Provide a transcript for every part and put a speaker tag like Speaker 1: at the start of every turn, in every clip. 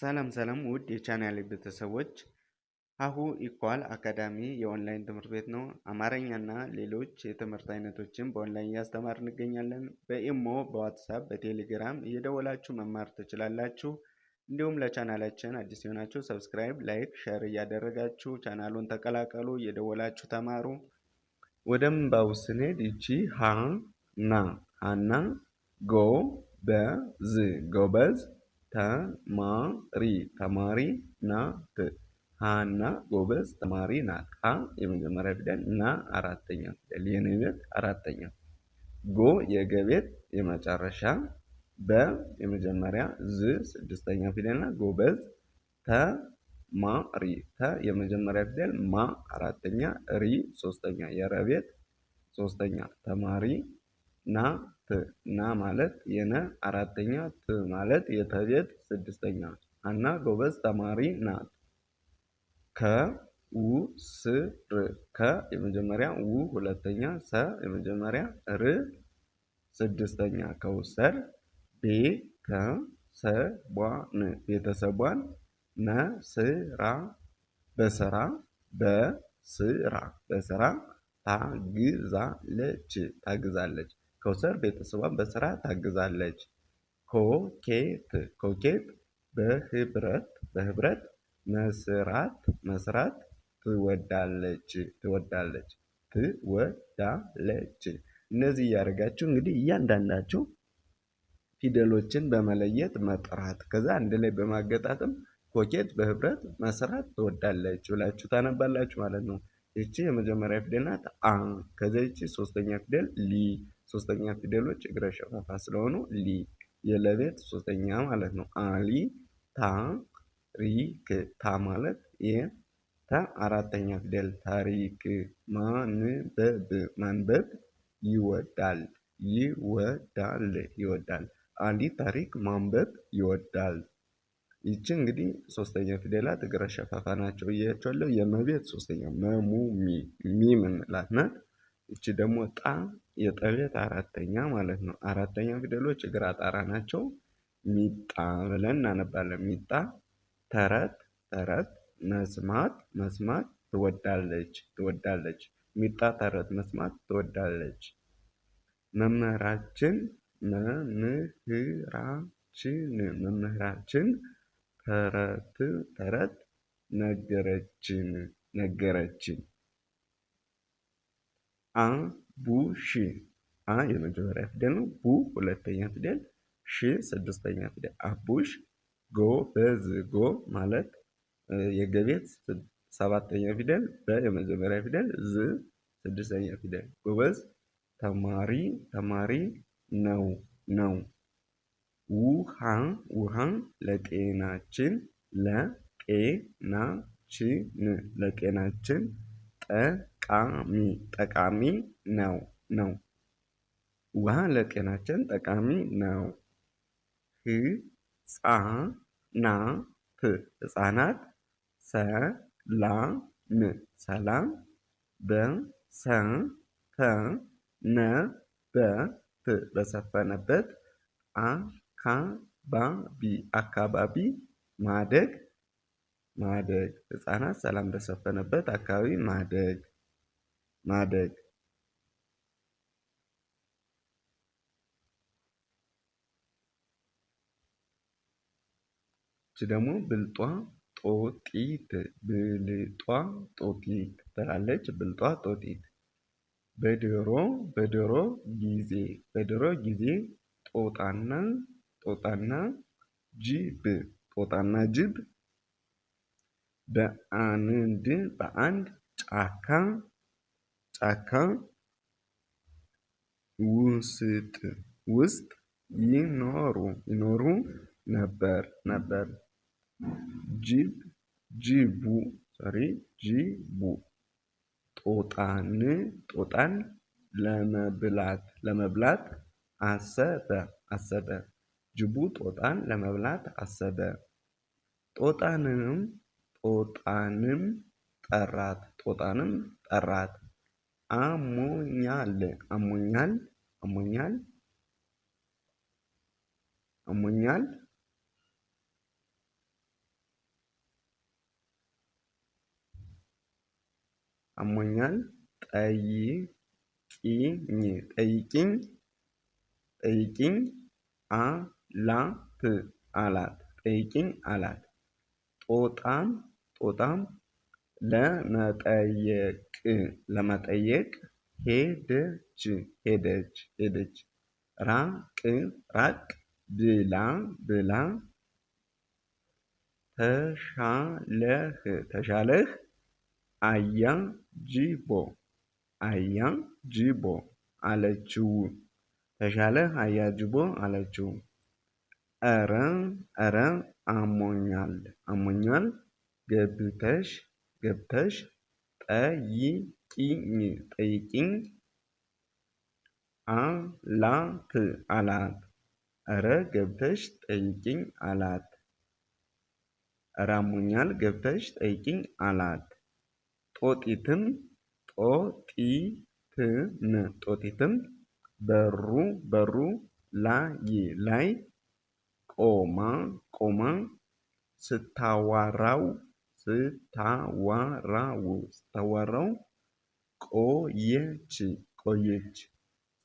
Speaker 1: ሰላም ሰላም ውድ የቻናል ቤተሰቦች ሀሁ ኢኳል አካዳሚ የኦንላይን ትምህርት ቤት ነው። አማርኛና ሌሎች የትምህርት አይነቶችን በኦንላይን እያስተማር እንገኛለን። በኢሞ፣ በዋትሳፕ፣ በቴሌግራም እየደወላችሁ መማር ትችላላችሁ። እንዲሁም ለቻናላችን አዲስ የሆናችሁ ሰብስክራይብ፣ ላይክ፣ ሸር እያደረጋችሁ ቻናሉን ተቀላቀሉ። እየደወላችሁ ተማሩ። ወደ ምንባቡ ስንሄድ ይቺ ሀ ና ሀና ጎ በዝ ጎበዝ ተማሪ ተማሪ ናት። ሀና ጎበዝ ተማሪ ናት። ሀ የመጀመሪያ ፊደል፣ ና አራተኛ ፊደል፣ የንቤት አራተኛ፣ ጎ የገቤት የመጨረሻ፣ በ የመጀመሪያ፣ ዝ ስድስተኛ ፊደል ና ጎበዝ ተማሪ ተ የመጀመሪያ ፊደል፣ ማ አራተኛ፣ ሪ ሶስተኛ፣ የረቤት ሶስተኛ፣ ተማሪ ና ት ና ማለት የነ አራተኛ ት ማለት የተቤት ስድስተኛ አና ጎበዝ ተማሪ ናት። ከ ው ስ ር ከ የመጀመሪያ ው ሁለተኛ ሰ የመጀመሪያ ር ስድስተኛ ከውሰር ቤ ተ ሰ ቧ ን ቤተሰቧን መ ስ ራ በስራ በስራ በስራ ታግዛለች ታግዛለች ኮሰር ቤተሰቧን በስራ ታግዛለች። ኮኬት ኮኬት በህብረት በህብረት መስራት መስራት ትወዳለች ትወዳለች ትወዳለች። እነዚህ እያደረጋችሁ እንግዲህ እያንዳንዳችሁ ፊደሎችን በመለየት መጥራት ከዛ አንድ ላይ በማገጣጠም ኮኬት በህብረት መስራት ትወዳለች ብላችሁ ታነባላችሁ ማለት ነው። ይቺ የመጀመሪያ ፊደል ናት። አ ከዚያ ይቺ ሶስተኛ ፊደል ሊ ሶስተኛ ፊደሎች እግረ ሸሞታ ስለሆኑ ሊ የለቤት ሶስተኛ ማለት ነው። አሊ ታ ሪክ ታ ማለት የተ አራተኛ ፊደል ታሪክ ማንበብ ማንበብ ይወዳል ይወዳል ይወዳል አሊ ታሪክ ማንበብ ይወዳል። ይቺ እንግዲህ ሶስተኛ ፊደላት እግረ ሸፋፋ ናቸው እያያቸዋለሁ የመቤት ሶስተኛ መሙ ሚ ሚ የምንላት ናት። እቺ ደግሞ ጣ የጠቤት አራተኛ ማለት ነው። አራተኛ ፊደሎች እግር አጣራ ናቸው። ሚጣ ብለን እናነባለን። ሚጣ ተረት ተረት መስማት መስማት ትወዳለች ትወዳለች። ሚጣ ተረት መስማት ትወዳለች። መምህራችን መምህራችን መምህራችን ተረት ተረት ነገረችን ነገረችን አ ቡ ሺ አ የመጀመሪያ ፊደል ነው። ቡ ሁለተኛ ፊደል፣ ሺ ስድስተኛ ፊደል። አቡሽ ጎ በዝ ጎ ማለት የገቤት ሰባተኛ ፊደል፣ በ የመጀመሪያ ፊደል፣ ዝ ስድስተኛ ፊደል። ጎበዝ ተማሪ ተማሪ ነው ነው። ውሃ ውሃ ለጤናችን ለጤናችን ለጤናችን ጠ ጠቃሚ ጠቃሚ ነው ነው ውሃ ለጤናችን ጠቃሚ ነው። ህፃናት ህጻናት ሰላም ሰላም በሰፈነበት በሰፈነበት አካባቢ አካባቢ ማደግ ማደግ ህጻናት ሰላም በሰፈነበት አካባቢ ማደግ ማደግ እች ደግሞ ብልጧ ጦጢት ብልጧ ጦጢት ትላለች። ብልጧ ጦጢት በድሮ በድሮ ጊዜ በድሮ ጊዜ ጦጣና ጦጣና ጅብ ጦጣና ጅብ በአንድ በአንድ ጫካ ጫካ ውስጥ ውስጥ ይኖሩ ይኖሩ ነበር ነበር። ጅብ ጅቡ ሶሪ ጅቡ ጦጣን ጦጣን ለመብላት ለመብላት አሰበ አሰበ። ጅቡ ጦጣን ለመብላት አሰበ። ጦጣንንም ጦጣንም ጠራት ጦጣንም ጠራት። አሞኛል አሞኛል አሞኛል አሞኛል አሞኛል ጠይቂኝ ጠይቂኝ ጠይቂኝ አላት አላት ጠይቂኝ አላት ጦጣም ጦጣም ለመጠየቅ ለመጠየቅ ሄደች ሄደች ሄደች ራቅ ራቅ ብላ ብላ ተሻለህ ተሻለህ አያ ጅቦ አያ ጅቦ አለችው ተሻለህ አያ ጅቦ አለችው። ኧረ ኧረ አሞኛል አሞኛል ገብተሽ ገብተሽ ጠይቂኝ አላት አላት እረ ገብተሽ ጠይቂኝ አላት ኧረ አሞኛል ገብተሽ ጠይቂኝ አላት ጦጢትም ጦጢትም ጦጢትም በሩ በሩ ላይ ላይ ቆማ ቆማ ስታዋራው ስታዋራው ስታዋራው ቆየች ቆየች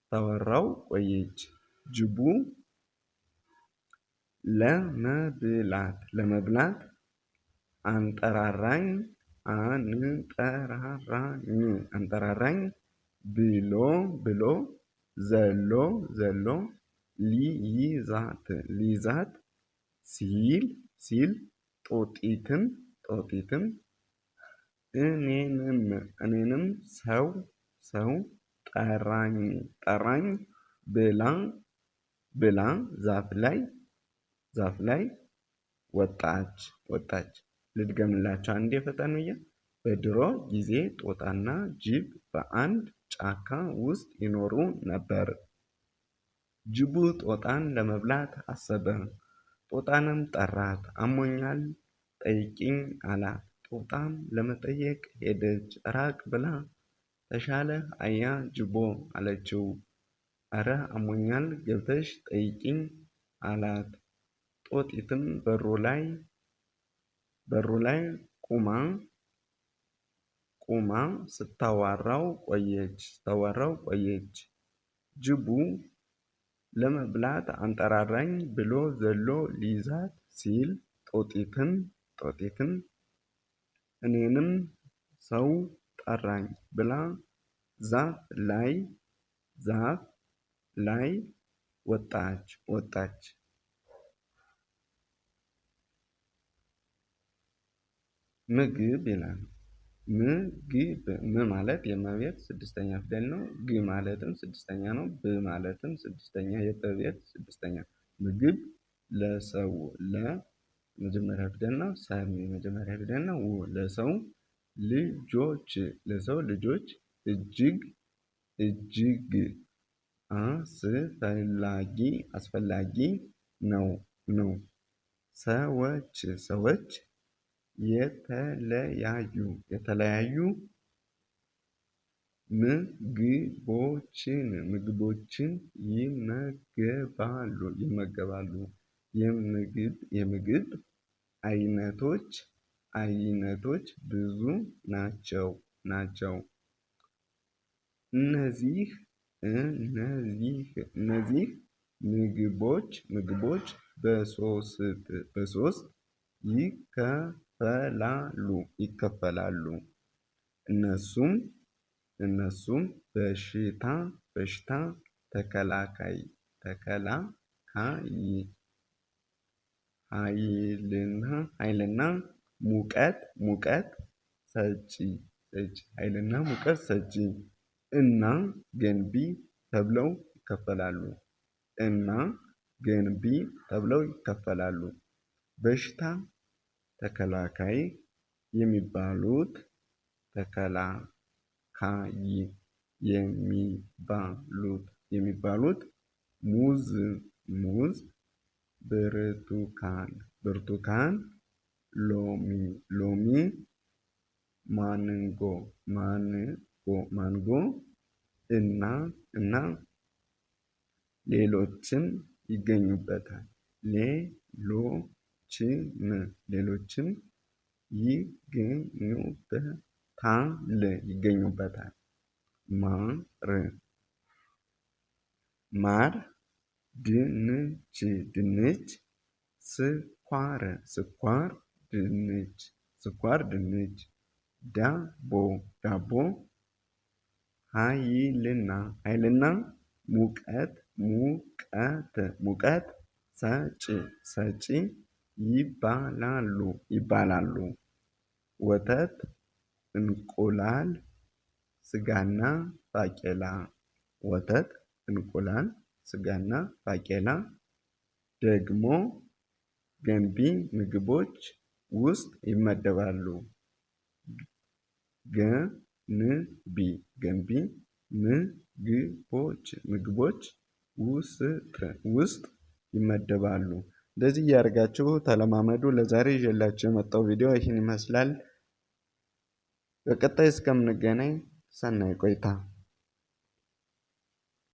Speaker 1: ስታዋራው ቆየች ጅቡ ለመብላት ለመብላት አንጠራራኝ አንጠራራኝ አንጠራራኝ ብሎ ብሎ ዘሎ ዘሎ ሊይዛት ሊይዛት ሲል ሲል ጦጢትን ጦቲትም! እኔንም እኔንም ሰው ሰው ጠራኝ ጠራኝ ብላ ብላ ዛፍ ላይ ዛፍ ላይ ወጣች ወጣች። ልድገምላቸው አንዴ ፈጠን ብዬ። በድሮ ጊዜ ጦጣና ጅብ በአንድ ጫካ ውስጥ ይኖሩ ነበር። ጅቡ ጦጣን ለመብላት አሰበ። ጦጣንም ጠራት፣ አሞኛል ጠይቂኝ አላት። ጦጣም ለመጠየቅ ሄደች። ራቅ ብላ ተሻለ አያ ጅቦ አለችው። እረ አሞኛል ገብተሽ ጠይቂኝ አላት። ጦጢትም በሩ ላይ በሩ ላይ ቁማ ቁማ ስታዋራው ቆየች ስታዋራው ቆየች። ጅቡ ለመብላት አንጠራራኝ ብሎ ዘሎ ሊይዛት ሲል ጦጢትን ጦጢትም እኔንም ሰው ጠራኝ ብላ ዛፍ ላይ ዛፍ ላይ ወጣች ወጣች። ምግብ ይላል። ምግብ ም ማለት የመቤት ስድስተኛ ፊደል ነው። ግ ማለትም ስድስተኛ ነው። ብ ማለትም ስድስተኛ የበቤት ስድስተኛ ምግብ ለሰው ለ የመጀመሪያ ፊደል ነው። ሰም የመጀመሪያ ፊደል ነው። ው ለሰው ልጆች ለሰው ልጆች እጅግ እጅግ አስፈላጊ አስፈላጊ ነው ነው። ሰዎች ሰዎች የተለያዩ የተለያዩ ምግቦችን ምግቦችን ይመገባሉ ይመገባሉ የምግብ አይነቶች አይነቶች ብዙ ናቸው ናቸው። እነዚህ እነዚህ እነዚህ ምግቦች ምግቦች በሶስት በሶስት ይከፈላሉ ይከፈላሉ። እነሱም እነሱም በሽታ በሽታ ተከላካይ ተከላካይ ሀይልና ኃይልና ሙቀት ሙቀት ሰጪ ሰጪ ኃይልና ሙቀት ሰጪ እና ገንቢ ተብለው ይከፈላሉ እና ገንቢ ተብለው ይከፈላሉ። በሽታ ተከላካይ የሚባሉት ተከላካይ የሚባሉት የሚባሉት ሙዝ ሙዝ ብርቱካን ብርቱካን፣ ሎሚ ሎሚ፣ ማንጎ ማንጎ ማንጎ እና እና ሌሎችም ይገኙበታል። ሌሎችም ሌሎችም ይገኙበታል ይገኙበታል። ማር ማር ድንች ድንች ስኳር ስኳር ድንች ስኳር ድንች ዳቦ ዳቦ ኃይልና ኃይልና ሙቀት ሙቀት ሙቀት ሰጪ ሰጪ ይባላሉ ይባላሉ ወተት እንቁላል ስጋና ባቄላ ወተት እንቁላል ስጋና ባቄላ ደግሞ ገንቢ ምግቦች ውስጥ ይመደባሉ። ገንቢ ገንቢ ምግቦች ምግቦች ውስጥ ይመደባሉ። እንደዚህ እያደረጋችሁ ተለማመዱ። ለዛሬ ይዤላችሁ የመጣው ቪዲዮ ይህን ይመስላል። በቀጣይ እስከምንገናኝ ሰናይ ቆይታ